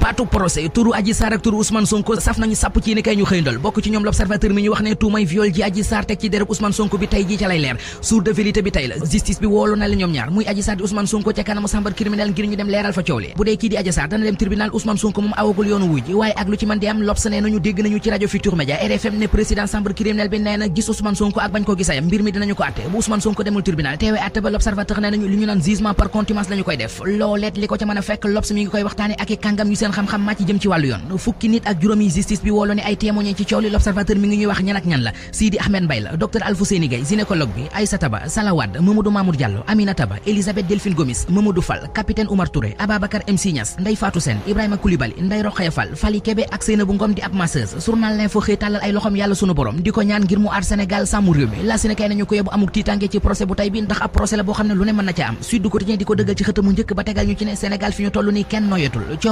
baatu procès turu Adji ak turu Ousmane Sonko saf nañu sàpp ci ni kay ñu xëyndal bokk ci ñoom l'observateur mi ñu wax ne tuumay viol ji Adji teg ci dereb Ousmane Sonko bi tey ji ca lay leer sour de vérité bi tey la justice bi woolu na la ñaar muy Adji di Ousmane Sonko ca kanamu chambre criminelle ngir ñu dem leeral fa coow li bu dee kii di Adji dana dem tribunal Ousmane Sonko moom awagul yoonu wuj waaye ak lu ci mën di am l'Obs ne nañu dégg nañu a kàngam yu seen xam-xam màcc jëm ci wàllu yoon fukki nit ak juróomi justice bi wooloo ne ay témoin ci coow li l'observateur mi ngi ñuy wax ñan ak ñan la Sidi Ahmed Mbaye la docteur Alfousseyni Gaye gynécologue bi Aïssata Ba Salawad Mamadou Mamour Diallo Aminata Ba Elisabeth Delphine Gomis Mamadou Fall capitaine Oumar Touré Ababacar MC Niass Ndeye Fatou Sène Ibrahima Koulibaly Ndeye Rokhaya Fall Fally Kébé ak Seynabou Ngom di di ab procès la ne lu ne mën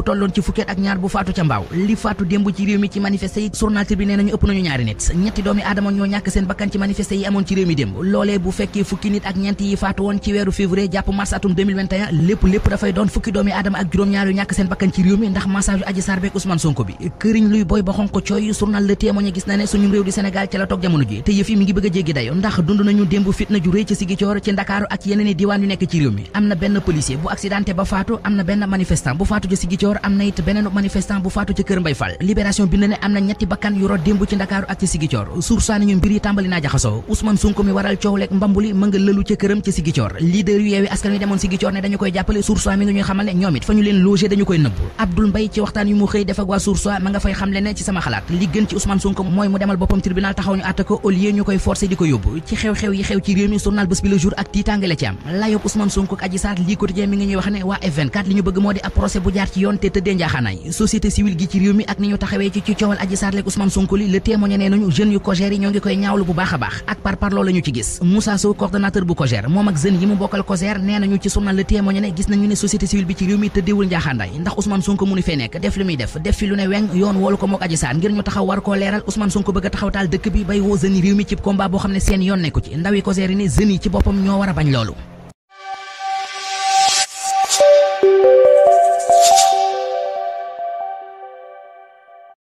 bu tolloon ci fukkeet ak ñaar bu faatu ca mbaaw li faatu démb ci réew mi ci manifesté yi journal bi nee nañu ëpp nañu ñaari nit ñetti doomi aadama ñoo ñàkk seen bakkan ci manifesté yi amoon ci réew mi ndax massage Adji Sarr beeg Ousmane Sonko bi këriñ luy boy ba xonko cooy journal Le Témoin gis na ne suñu réew di Sénégal ca la toog jamono ji te yëf yi mi ngi bëgg a jéggi dayo ndax dund nañu démb fitna ju réy ci Sigicoor ci Ndakaaru ak yeneen i diwaan Yoor am na it beneen manifestant bu faatu ci kër Mbay Fall libération bi ne am na ñetti bakkan yu rot démb ci Ndakaaru ak ci Sigicoor sursaa nañu mbir yi tàmbali naa jaxasoo Ousmane Sonko mi waral coow leeg mbambuli ma lëlu ca këram ci Sigicoor leader yu yeewi askan wi demoon Sigicoor ne dañu koy jàppale sursaa mi ngi ñuy xamal ñoom it fa ñu leen logé dañu koy nëbb Abdoul Mbaye ci waxtaan yu mu xëy def ak waa sursaa ma nga fay ne ne ci te tëddee njaaxaanaay société civile gi ci réew mi ak ni ñu taxawee ci ci coowal Adji ak Ousmane Sonko li le témoigné nañu jeunes yu COJER yi ñoo ngi koy ñaawlu bu baax a baax ak par parloo la ci gis Moussa Sow coordonnateur bu COJER moom ak jeunes yi mu bokkal COJER nee nañu ci journal le témoigné ne gis nañu ne société civile bi ci réew mi tëddeewul njaaxaanaay ndax Ousmane Sonko mënu fee nekk def li muy def def fi lu ne weng yoon woolu ko mook